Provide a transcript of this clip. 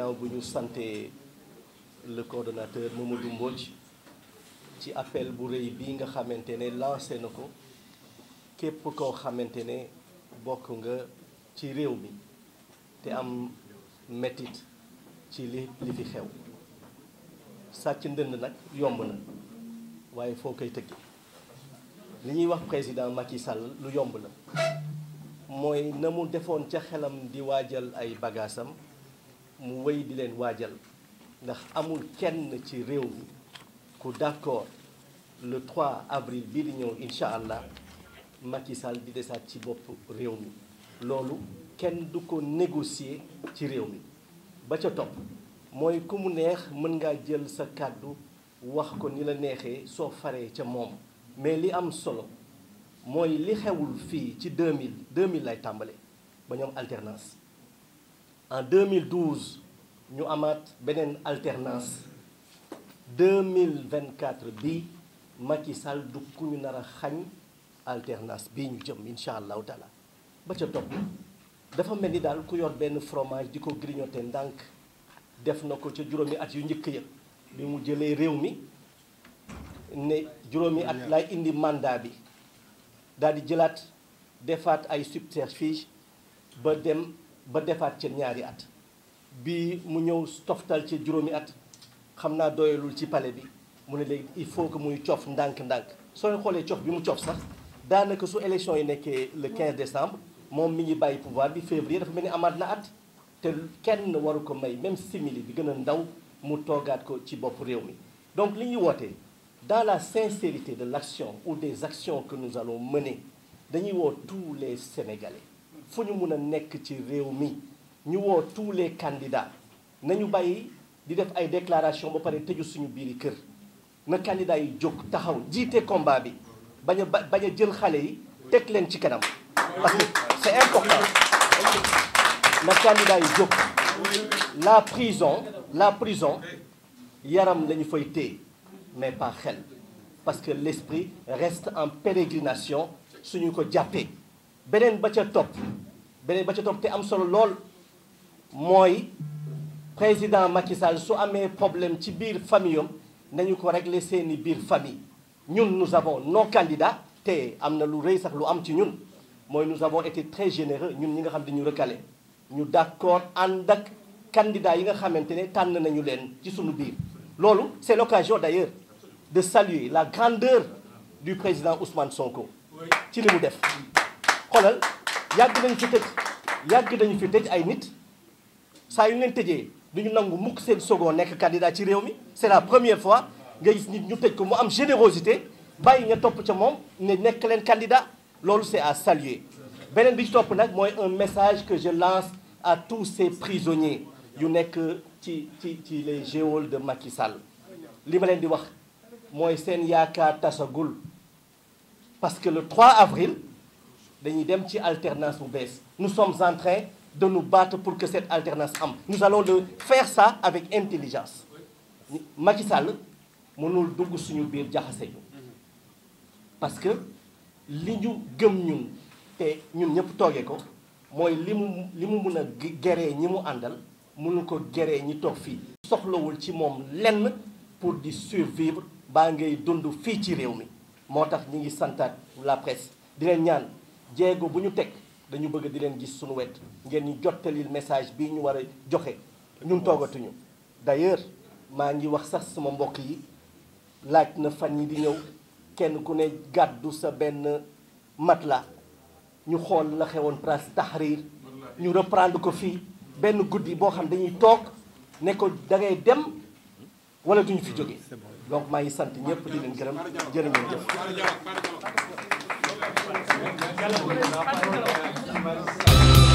ginnaaw bu ñu sante le coordonnateur Mamadou Mbodj ci appel bu rëy bi nga xamante ne lancé na ko képp koo xamante ne bokk nga ci réew mi te am metit ci li li fi xew sàcc ndënd nag yomb na waaye foo koy tëgg li ñuy wax président Macky Sall lu yomb la mooy na mu defoon ca xelam di waajal ay bagaasam mu wéy di leen waajal ndax amul kenn ci réew mi ku d'accord le 3 avril bii di ñëw incha allah Macky Sall di desaat ci bopp réew mi loolu kenn du ko négocier ci réew mi ba ca topp mooy ku mu neex mën ngaa jël sa kàddu wax ko ni la neexee soo faree ca moom mais li am solo mooy li xewul fii ci 2000 2000 lay tàmbale ba ñoom alternance en 2012 ñu amaat beneen alternance 2024 bi Macky Sall du ku ñu nar a xañ alternance bii ñu jëm incha allahu taala ba ca topp dafa mel ni daal ku yor benn fromage di ko grignoter ndànk def na ko ca juróomi at yu njëkk ya bi mu jëlee réew mi ne juróomi at lay indi mandat bi daal di jëlaat defaat ay subterfuge ba dem ba defaat ca ñaari at bi mu ñëw toftal ci juróomi at xam naa doyalul ci pale bi mu ne léegi il faut que muy coof ndànk-ndànk soo xoolee coof bi mu coof sax daanaka su élection yi nekkee le 15 décembre moom mi ngi bàyyi pouvoir bi février dafa mel ni amaat na at te kenn waru ko may même simili bi gën a ndaw mu toogaat ko ci bopp réew mi donc li ñuy wootee dans la sincérité de l'action ou des actions que nous allons mëne dañuy woo tous les Sénégalais fu ñu mun a nekk ci réew mi ñu woo tous les candidats nañu bàyyi di def ay déclaration ba pare tëju suñu biiri kër na candidat yi jóg taxaw jiite combat bi bañ a a jël xale yi teg leen ci kanam parce que c'est important na candidat yi jóg la prison la prison yaram lañu fay téye mais pas xel parce que l'esprit reste en pérégrination suñu ko jàppee beneen ba ca topp beneen ba ca topp te am solo lool mooy président Macky Sall su amee problème ci biir famille nañu ko régler seeni biir famille ñun nous avons nos candidats te am na lu rëy sax lu am ci ñun mooy nous avons été très généreux ñun ñi nga xam dañu recalé ñu d'accord en ak candidats yi nga xamante ne tànn nañu leen ci suñu biir loolu c'est l'occasion d'ailleurs de saluer la grandeur du président Ousmane Sonko ci li mu def xolal yàgg nañ fi tëj yàgg dañu fi tëj ay nit saa yu leen tëjee ñu nangu mukk seen Sogo nekk candidat ci réew mi c'est la première fois nga nit ñu tëj ko mu am générosité bàyyi nga topp ca moom ne nekk leen candidat loolu c'est à saluer beneen bi ci topp nag mooy un message que je lance à tous ces prisonniers yu nekk ci ci ci les geôles de Macky Sall li ma leen di wax mooy seen yaakaar tasagul parce que le 3 avril dañuy dem ci alternance bu bees nu sommes en train de pour que cette alternance am nous allons le faire sa avec intelligence Macky Sall mënul dugg suñu biir jaxase ñu parce que li ñu gëm ñun te ñun ñëpp toogee ko mooy li mu li mu mun a géree ñi mu àndal mënul ko géree ñi toog fii soxlawul ci moom lenn pour di survivre baa ngay dund fii ci réew mi moo tax ñi ngi santaat la presse di leen ñaan jéego bu ñu teg dañu bëgg di leen gis suñu wet ngeen ñu jottalil message bii ñu war a joxe ñun toogatuñu d'ailleurs maa ngi wax sax sama mbokk yi laaj na fan yi di ñëw kenn ku ne gàddu sa benn matelas ñu xool la xewoon place Tahrir ñu reprendre ko fii benn guddi boo xam dañuy toog ne ko da ngay dem wala duñu fi jóge donc maa ngi sant ñëpp di leen gërëm jërë ngeen jëf Yàlla